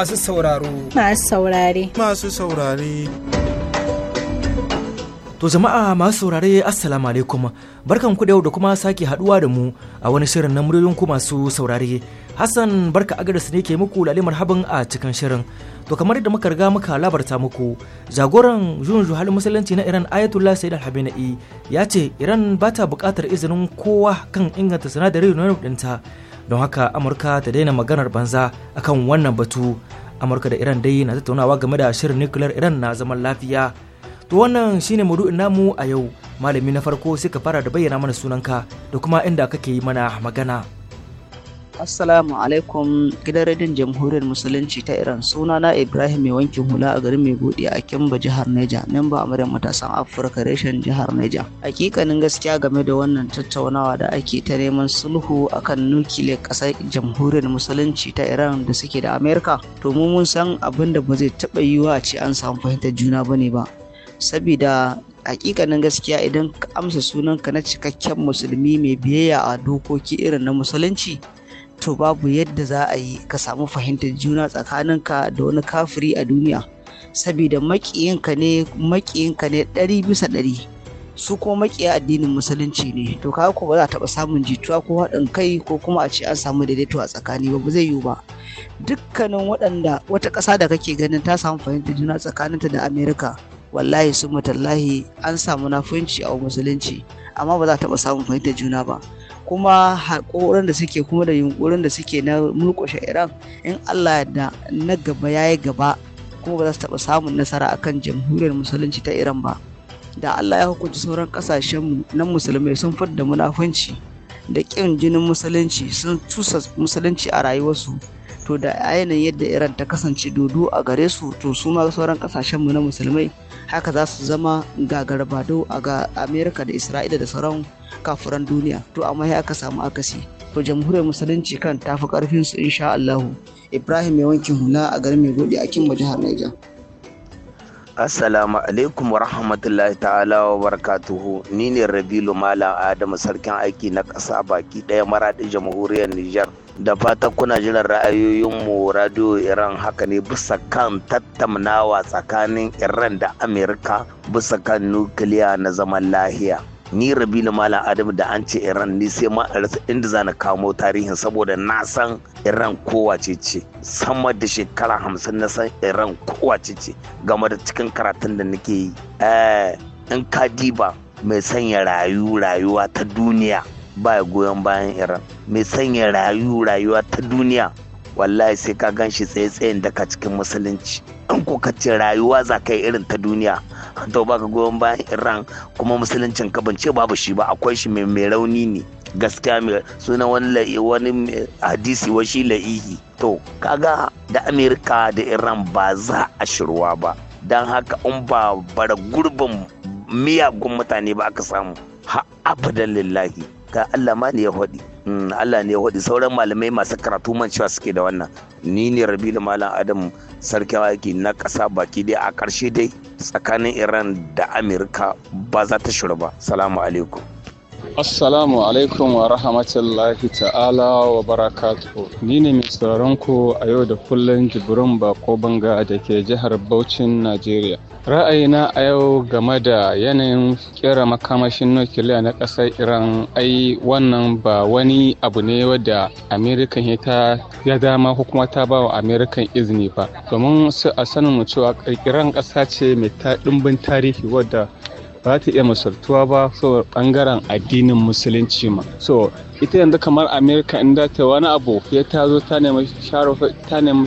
masu sauraro. Masu saurare. Masu saurare. To jama'a masu saurare assalamu alaikum barkan ku da yau da kuma sake haduwa da mu a wani shirin na muryoyin ku masu saurare Hassan barka agaris ne ke muku lalle marhaban a cikin shirin to kamar yadda muka riga muka labarta muku jagoran jun juhal musulunci na Iran Ayatollah Sayyid al ya ce Iran bata bukatar izinin kowa kan inganta sinadarin uranium ɗinta don haka amurka ta daina maganar banza akan wannan batu amurka da iran dai na tattaunawa game da shirin nukiliyar iran na zaman lafiya to wannan shine maudu'in namu a yau malami na farko sai ka fara da bayyana mana sunanka da kuma inda kake yi mana magana Assalamu alaikum gidan radin jamhuriyar musulunci ta Iran suna na Ibrahim mai wankin hula a garin mai godi a Kimba jihar Neja memba amaryar matasan Afirka reshen jihar Neja. Hakikanin gaskiya game da wannan tattaunawa da ake ta neman sulhu akan nukile kasar jamhuriyar musulunci ta Iran da suke da Amerika to mu mun san abin da ba zai taba yiwa ce an samu fahimtar juna bane ba. Sabida hakikanin gaskiya idan ka amsa sunanka na cikakken musulmi mai biyayya a dokoki irin na musulunci to babu yadda za a yi ka samu fahimtar juna tsakaninka da wani kafiri a duniya saboda makiyinka ne makiyinka ne ɗari bisa ɗari su kuma makiya addinin musulunci ne to ka ko ba za taɓa samun jituwa ko haɗin kai ko kuma a ce an samu daidaito a tsakani ba ba zai yiwu ba dukkanin waɗanda wata ƙasa da kake ganin ta samu fahimtar juna tsakaninta da amerika wallahi sun matallahi an samu nafunci a musulunci amma ba za a taɓa samun fahimtar juna ba kuma haƙorin da suke kuma da yunƙurin da suke na mulkushe iran in allah da na gaba ya yi gaba kuma ba za su taɓa samun nasara a akan jamhuriyar musulunci ta iran ba da allah ya hukunci sauran ƙasashenmu na musulmai sun farda munafunci da ƙin jinin musulunci sun cusa musulunci a rayuwarsu to da yanayin yadda iran ta kasance dodo a gare su to su ma sauran ƙasashenmu na musulmai haka za su zama gagarbado a ga amerika da isra'ila da sauran Kafuran duniya to amma ya aka samu akasi to jamhuriyar musulunci kan tafi karfin su insha Allah Ibrahim mai wankin hula a garin mai gode a kimba jihar Niger Assalamu alaikum wa rahmatullahi ta'ala wa barakatuhu ni ne Rabilu Malam Adamu sarkin aiki na ƙasa baki ɗaya maraɗin jamhuriyar Nijar da fatan kuna jiran mu radio Iran haka ne bisa kan tattaunawa tsakanin Iran da Amerika bisa kan nukiliya na zaman lahiya. ni na mala adam da an ce iran ni sai ma rasa inda za na kamo tarihin saboda na san iran kowa ce ce sama da shekara hamsin na san iran kowa ce ce game da cikin karatun da nake yi eh, in ka diba mai sanya rayu rayuwa ta duniya ba goyon bayan iran mai sanya rayu rayuwa ta duniya wallahi sai ka gan shi tsaye-tsayen daga cikin musulunci in ko ka ce rayuwa za ka irin ta duniya to baka goyon bayan iran kuma musuluncin ka ce babu shi ba akwai shi mai rauni ne gaskiya mai suna wani wani hadisi washi la'ihi to kaga da amerika da iran ba za a shirwa ba don haka in ba bara gurbin miyagun mutane ba aka samu ha abadan lillahi ga allah ma ne ya faɗi Mm, Allah ne ya sauran malamai masu karatu man cewa suke da wannan ni ne Rabi da malam adam sarki aiki na ƙasa baki dai a ƙarshe dai tsakanin iran da amurka ba za ta shura ba salamu alaikum Assalamu alaikum wa rahmatullahi ta'ala wa barakatuhu. Ni ne mai sauraron ku a yau da kullun jibrin bako banga da ke jihar Bauchin, Najeriya. Ra'ayina a yau game da yanayin kera makamashin nukiliya na ƙasar Iran ai wannan ba wani abu ne wadda Amerikan ta ya dama ko kuma ta ba wa Amerikan izini ba. Domin su a sanin mu cewa ƙirƙiran ƙasa ce mai ɗimbin tarihi wadda ba ta iya masartuwa ba so bangaren addinin musulunci ma so ita yanzu kamar america in da ta wani abu ya ta zo ta nemi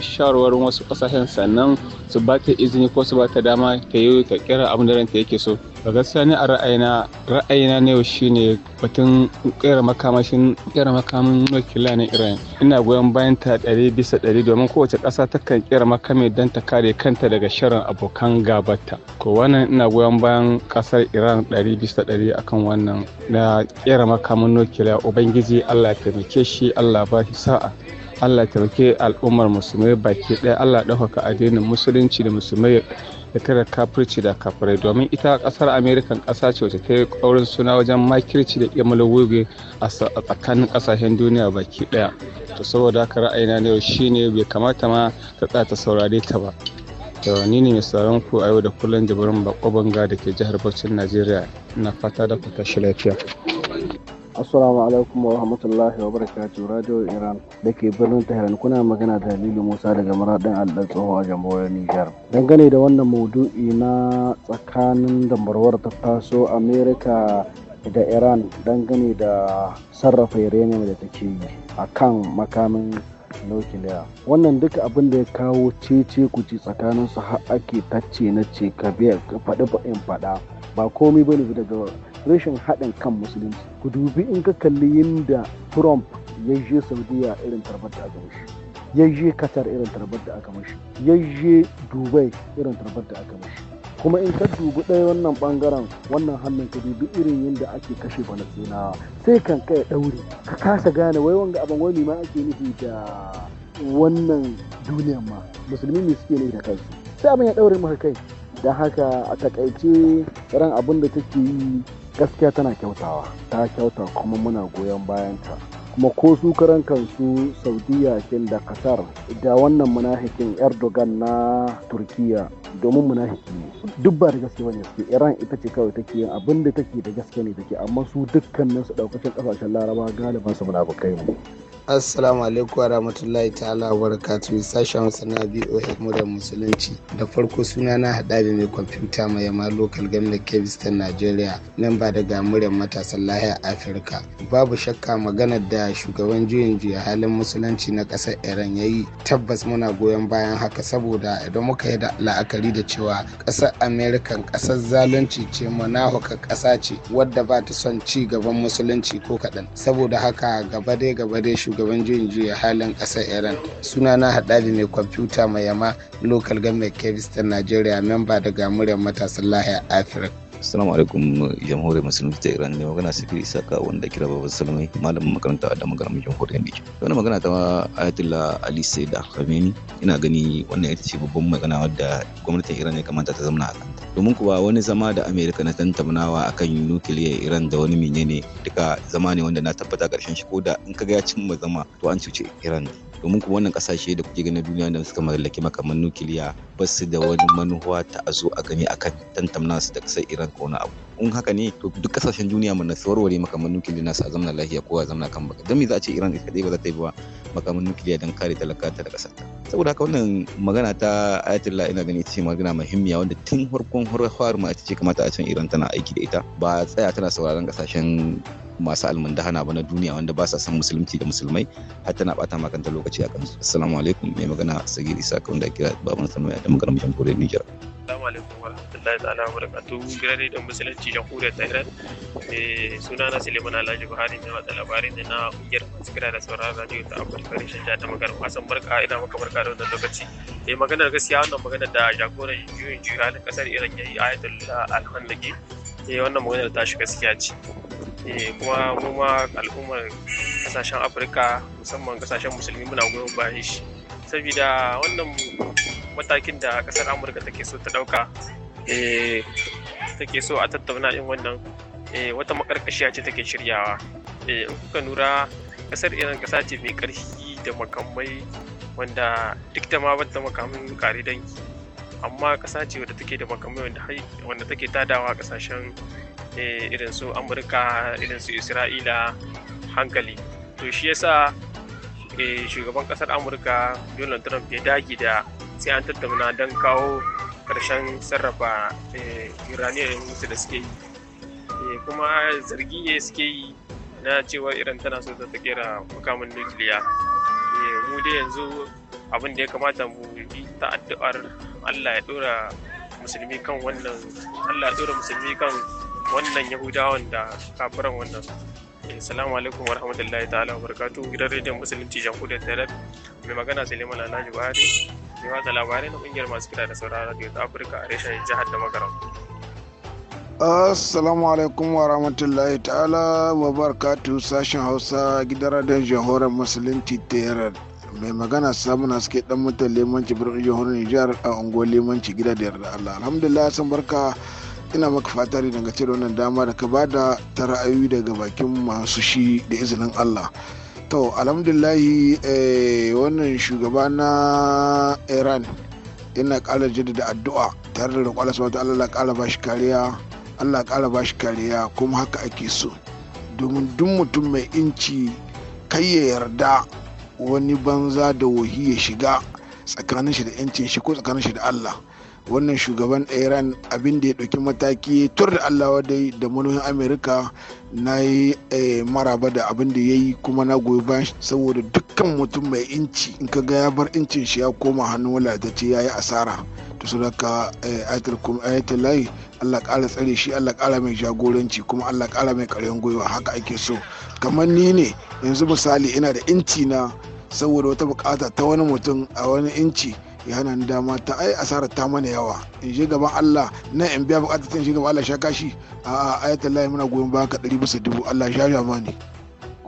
shawarwarin wasu kasashen sannan su ba ta izini ko su ba ta dama ta yi ta kira abin da ranta yake so ga gaskiya ne a ra'ayina ra'ayina ne shine batun kera makamashin kera makamin nukiliya na iran ina goyon bayan ta ɗari bisa ɗari domin kowace ƙasa takan kera makami don ta kare kanta daga shirin abokan gabata ko wannan ina goyon bayan ƙasar iran ɗari bisa ɗari akan wannan na kera makamin nukiliya ubangiji allah taimake shi allah ba shi sa'a allah taimake al'ummar musulmai baki ɗaya allah ɗaukaka addinin musulunci da musulmai da kare kafirci da kafirai domin ita kasar amerikan kasa ce wacce ta yi kaurin suna wajen makirci da iya a tsakanin kasashen duniya baki daya to saboda haka ra'ayina na ne shine bai kamata ma ta tsaya ta saurare ta ba yawa ni ne mai sauran ku a yau da kullum jibirin bako banga da ke jihar bauchin najeriya na fata da fata lafiya Assalamu alaikum wa rahmatullahi wa barakatu Radio Iran da ke birnin Tehran kuna magana da Halilu Musa daga maradin Allah tsoho a jamhuriyar Nijar. Dangane da wannan maudu'i na tsakanin dambarwar ta taso Amerika da Iran dangane da sarrafa uranium da take yi a kan makamin nukiliya. Wannan duka abin da ya kawo cece kuci tsakanin su har ake tacce na ce ka faɗi faɗin faɗa ba komai bane daga rashin haɗin kan musulunci ku dubi in ka kalli yadda trump ya je saudiya irin tarbar da aka mashi ya je qatar irin tarbar da aka mashi ya je dubai irin tarbar da aka mashi kuma in ka dubi ɗaya wannan ɓangaren wannan hannun ka dubi irin yadda ake kashe balasinawa sai kan kai ɗaure ka kasa gane wai wanga abin wani ma ake nufi da wannan duniyan ma musulmi ne suke ne da kansu sai abin ya ɗaure maka kai don haka a takaice ran abin da take yi gaskiya tana kyautawa ta kyauta kuma muna goyon bayanta kuma ko su karan kansu saudiya kin da qatar da wannan munafikin erdogan na turkiya domin munafiki ne duk ba da gaske bane su iran ita ce kawai take yin abin da take da gaske ne take amma su dukkanin su daukacin kasashen laraba galiban su munafikai ne assalamu alaikum wa rahmatullahi ta'ala wa barakatuhu sashen sana biyu a da musulunci da farko suna na hada da mai kwamfuta mai yamma lokal gamna Najeriya. nigeria nan ba daga muryar matasan lahiyar afirka babu shakka magana da shugaban juyin juya halin musulunci na kasar iran ya yi tabbas muna goyon bayan haka saboda idan muka yi la'akari da cewa kasar american kasar zalunci ce munafuka kasa ce wadda ba ta son ci gaban musulunci ko kaɗan saboda haka gaba dai gaba dai shugaban juyin juya halin ƙasar iran sunana haɗari mai kwamfuta mai yama local government kebis ta nigeria memba daga muryar matasan lahiyar afirka Assalamu alaikum jamhuriyar musulunci ta Iran ne magana sifir isaka wanda kira babban salmai malamin makaranta da magaram jamhuriyar ne wani magana ta Ayatollah Ali Saida Khamenei ina gani wannan ita ce babban magana wadda gwamnatin Iran ya kamata ta zamana a kan. domin kuwa wani zama da amerika na tantamnawa akan nukiliya iran da wani menene duka zama ne wanda na tabbata karshen shi ko da in ka ga ya cimma zama to an cuce iran domin kuma wannan kasashe da kuke ganin duniya da suka mallaki makaman nukiliya ba su da wani manuwa ta a zo a gani akan tantamna su da kasar iran ko wani abu in haka ne to duk kasashen duniya mana su warware makaman nukiliya nasu a zamna lahiya ko a zamna kan baka don me za a ce Iran ita kadai ba za ta yi ba makaman nukiliya don kare talaka ta daga sarta saboda haka wannan magana ta ayatollah ina gani ita ce magana muhimmiya wanda tun farkon har ma ita ce kamata a can Iran tana aiki da ita ba tsaya tana sauraron kasashen masu almundahana ba na duniya wanda ba sa son musulunci da musulmai har tana bata makanta lokaci a kansu assalamu alaikum mai magana sagir isa kawai da kira babban sanuya da magana mutum kore nijar Assalamu alaikum wa rahmatullahi ta'ala wa barakatuhu gidan da musulunci jamhuriyar ta Iran. Eh, suna na Suleiman Alhaji Buhari mai watsa labarai ne na kungiyar masu kira da sauran radio ta Afirka Rishin Jihar da Magarin Wasan Barka ina maka barka da wannan lokaci. Eh maganar gaskiya wannan maganar da jagoran juyin juyin halin kasar Iran ya yi Ayatollah Alhamdulillah. Eh wannan maganar tashi gaskiya ce. Eh, kuma mu ma al'ummar kasashen Afirka musamman kasashen musulmi muna goyon bayan shi. saboda wannan matakin da kasar amurka take so ta dauka eh, take so a tattauna in wannan eh, wata makarkashiya ce take shiryawa eh, in kuka nura kasar iran kasa ce mai karfi da makamai wanda duk da ma bata makamin kare danki amma kasa ce wadda take da makamai wanda take tadawa kasashen irin su amurka irin su isra'ila hankali to shi yasa shugaban kasar amurka donald trump ya dage da sai an tattauna don kawo karshen sarrafa iraniyan eh, musu da suke yi eh, kuma zargi ne suke yi na cewa iran tana so ta kera makamin nukiliya eh, mu dai yanzu abin da ya kamata mu yi ta addu'ar allah ya dora musulmi kan wannan allah ya dora musulmi kan wannan yahudawan da kafiran wannan Assalamu alaikum wa rahmatullahi ta'ala wa barakatu gidan rediyon musulunci jamhuriyar Tehran mai magana Suleiman Alhaji Buhari mai wata labarai na kungiyar masu kira da sauraron radio ta Afirka a reshen jihar da makaram. Assalamu alaikum wa rahmatullahi ta'ala wa barakatu sashen Hausa gidan radiyon jihar musulunci Tehran. mai magana samu na suke dan mutan limanci birnin jihar Nijar a unguwar limanci gidan da yarda Allah alhamdulillah san barka ina maka fata daga dangace da wannan dama da ka bada ta ra'ayoyi daga bakin masu shi da izinin Allah. To alhamdulahi eh, wannan shugaba na Iran ina ƙara jaddada addu'a tare da roƙon Allah subhanahu Allah kala bashi kariya Allah kala bashi kariya kuma haka ake so domin duk mutum mai inci kai ya yarda wani banza da wahi ya shiga tsakanin shi da yancin shi ko tsakanin shi da Allah wannan shugaban iran abin da ya ɗauki mataki tur da allah wadai da manohin amerika na yi eh, maraba da abin da ya yi kuma na goyi bayan saboda dukkan mutum mai inci in ka ga ya bar incin shi ya koma hannun wadatacce ya yi asara to daga eh, ayatul kuma ayatul layi allah ƙara tsare shi allah ƙara mai jagoranci kuma allah ƙara mai ƙarfin gwiwa haka ake so kamar ni ne yanzu misali ina da inci na saboda wata bukata ta wani mutum a wani inci ya hana ni dama ta ai asarar ta mana yawa in je gaban Allah na in biya bukatar ta in gaban Allah sha kashi a ayatul lahi muna goyon baka 100 bisa dubu Allah sha ni.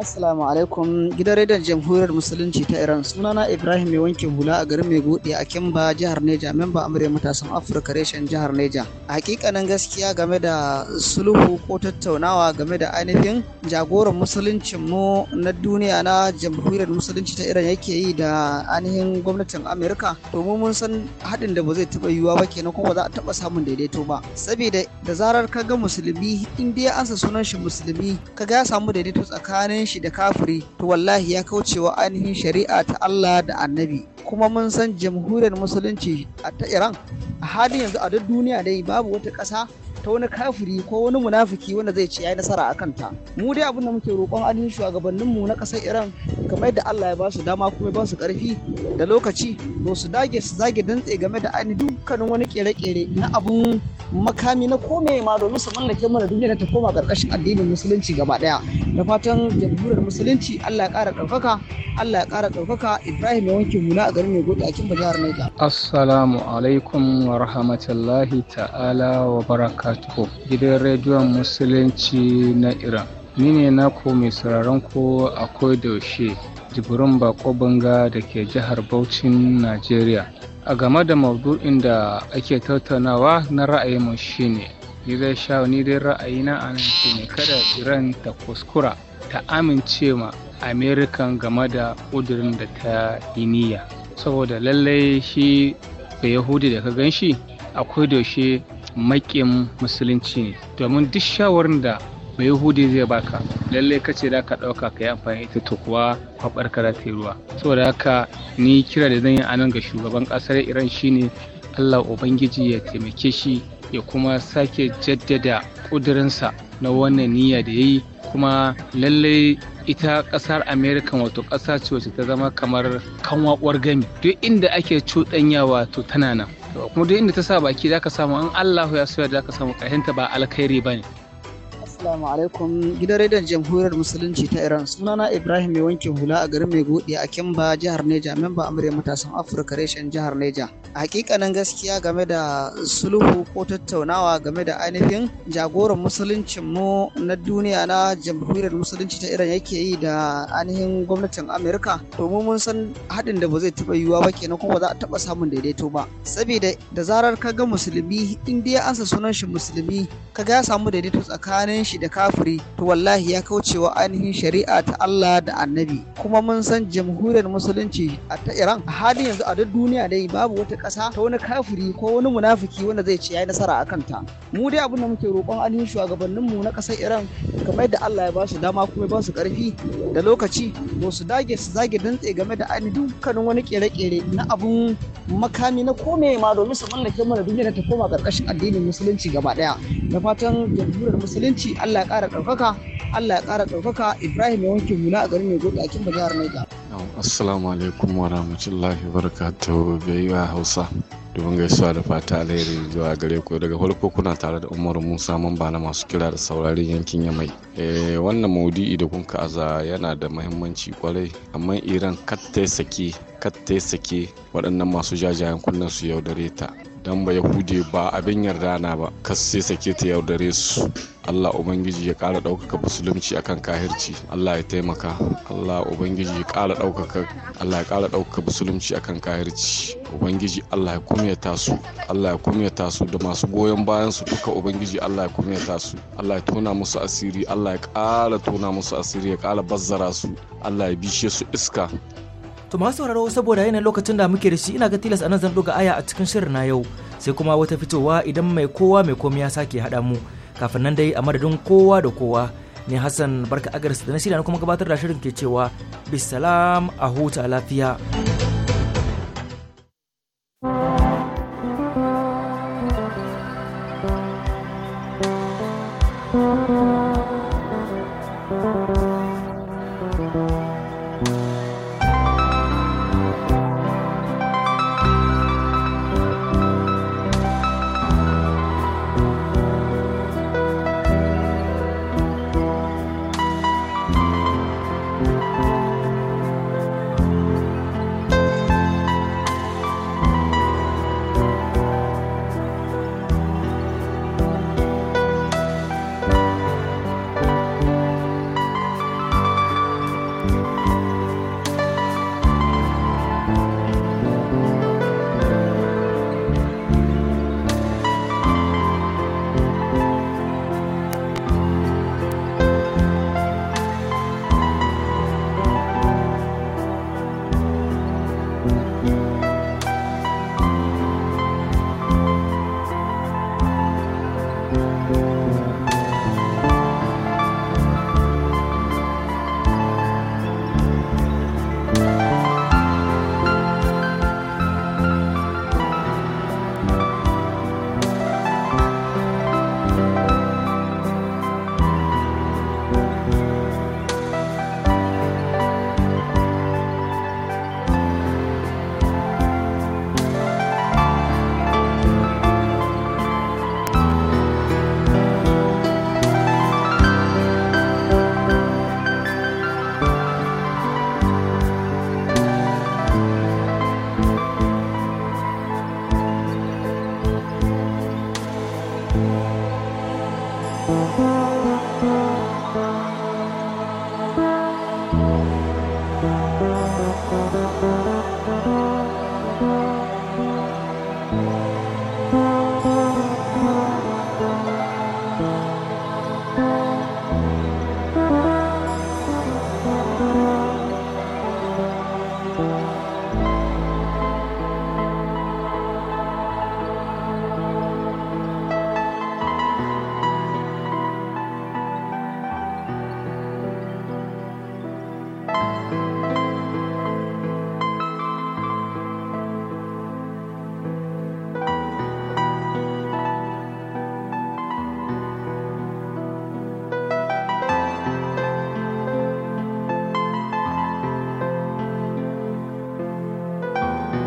Assalamu alaikum gidan rediyon jamhuriyar musulunci ta Iran sunana Ibrahim mai wanke hula a garin mai gode a Kimba jihar Neja memba amurya matasan Afirka reshen jihar Neja. Hakikanin gaskiya game da sulhu ko tattaunawa game da ainihin jagoran musuluncin mu na duniya na jamhuriyar musulunci ta Iran yake yi da ainihin gwamnatin Amerika to mu mun san haɗin da ba zai taɓa yiwuwa ba kenan kuma ba za a taɓa samun daidaito ba saboda da zarar ka ga musulmi in dai an sunan shi musulmi kaga ya samu daidaito tsakanin gan shi da kafiri to wallahi ya kauce wa ainihin shari'a ta Allah da annabi kuma mun san jamhuriyar musulunci a ta Iran a halin yanzu a duk duniya dai babu wata ƙasa ta wani kafiri ko wani munafiki wanda zai ci ya nasara a kanta mu dai abin da muke roƙon ainihin shugabanninmu na ƙasar iran kamar da allah ya ba su dama kuma ba su ƙarfi da lokaci to su dage su zage dantse game da ainihin dukkanin wani ƙere-ƙere na abun makami na kome ma domin su mallake mana duniya ta koma ƙarƙashin addinin musulunci gaba ɗaya da fatan jamhuriyar musulunci allah ya ƙara ɗaukaka allah ya ƙara ɗaukaka ibrahim ya wanke hula a garin mai a kimba jihar naija assalamu alaikum wa rahmatullahi ta'ala wa baraka Atko, gidan rediyon musulunci na iran ni ne na mai sauraron ku a yaushe jibrin bako banga da ke jihar Bauchin najeriya a game da maudu'in da ake tattaunawa na ra'ayinmu ne. ni dai sha ni dai ra'ayina a nan ne kada iran ta kuskura ta amincewa amerikan game da ƙudurin da ta yi niyya saboda lallai shi ga yahudi da ka gan shi akwai daushe maƙin musulunci ne domin duk shawarar da mai yahudi zai baka lallai ka ce ka ɗauka ka yi amfani ita ta kuwa kwabar ka ta ruwa saboda haka ni kira da zan yi anan ga shugaban ƙasar iran shine allah ubangiji ya taimake shi ya kuma sake jaddada ƙudurinsa na wannan niyya da ya yi kuma lallai ita ƙasar america wato ƙasa ce wacce ta zama kamar kanwa gami duk inda ake cuɗanyawa to tana nan kuma duk inda ta sa baki zaka samu an allahu ya za zaka samu ƙarhinta ba alkhairi ba ne. Assalamu alaikum gidan rediyon jamhuriyar musulunci ta Iran sunana Ibrahim mai wankin hula a garin Maigodi a Kimba jihar Neja memba amurya matasan Afirka reshen jihar Neja. Hakikanin gaskiya game da sulhu ko tattaunawa game da ainihin jagoran musuluncin mu na duniya na jamhuriyar musulunci ta Iran yake yi da ainihin gwamnatin Amerika domin mun san haɗin da ba zai taɓa yiwuwa ba kenan kuma ba za a taɓa samun daidaito ba. Saboda da zarar ka ga musulmi in dai ansa sunan shi musulmi kaga ya samu daidaito tsakanin shi shi da kafiri to wallahi ya kauce wa ainihin shari'a ta Allah da annabi kuma mun san jamhuriyar musulunci a ta Iran a halin yanzu a duk duniya dai babu wata ƙasa ta wani kafiri ko wani munafiki wanda zai ce yayi nasara akan ta mu dai abin da muke roƙon ainihin shugabannin mu na ƙasar Iran kamar yadda Allah ya ba su dama kuma ba su ƙarfi da lokaci to su dage su zage dantse game da ainihin dukkanin wani kere-kere na abun makami na kome ma domin su mallake mana duniya ta koma ƙarƙashin addinin musulunci gaba ɗaya da fatan jamhuriyar musulunci Allah ya ƙara ɗaukaka Allah ya ƙara ɗaukaka Ibrahim ya wanke muna a garin Maiduguri a da jihar Niger. Assalamu alaikum wa rahmatullahi wa baiwa Hausa. domin gaisuwa da fata alheri zuwa gare ku daga farko kuna tare da umaru musa mamba na masu kira da sauraron yankin yamai eh, wannan maudu'i da kun aza yana da mahimmanci kwarai amma iran kat ta sake kat ta sake waɗannan masu jajayen kunnen su yaudare ta dan ba yahude ba abin yarda na ba kas sai sake ta yaudare su Allah Ubangiji ya ƙara ɗaukaka musulunci akan kahirci Allah ya taimaka Allah Ubangiji ya ƙara ɗaukaka Allah ya ƙara ɗaukaka musulunci akan kahirci Ubangiji Allah ya kumyata su Allah ya kumyata su da masu goyon bayan su duka Ubangiji Allah ya kumyata su Allah ya tona musu asiri Allah ya ƙara tona musu asiri ya ƙara bazzara su Allah ya bishe su iska To masu sauraro saboda yanayin lokacin da muke da shi ina ga tilas a nan zan ga aya a cikin shirin na yau sai kuma wata fitowa idan mai kowa mai komai ya sake haɗa mu kafin nan dai a madadin kowa da kowa ne Hassan barka agars da na shirya kuma gabatar da shirin ke cewa bisalam a huta lafiya.